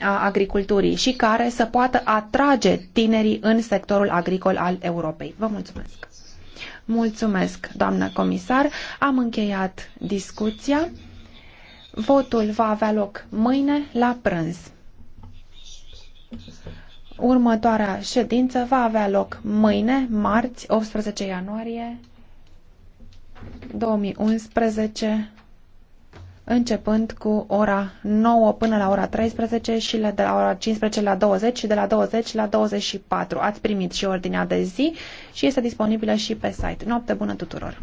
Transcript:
a agriculturii și care să poată atrage tinerii în sectorul agricol al Europei. Vă mulțumesc! Mulțumesc, doamnă comisar. Am încheiat discuția. Votul va avea loc mâine la prânz. Următoarea ședință va avea loc mâine, marți, 18 ianuarie 2011 începând cu ora 9 până la ora 13 și de la ora 15 la 20 și de la 20 la 24. Ați primit și ordinea de zi și este disponibilă și pe site. Noapte bună tuturor!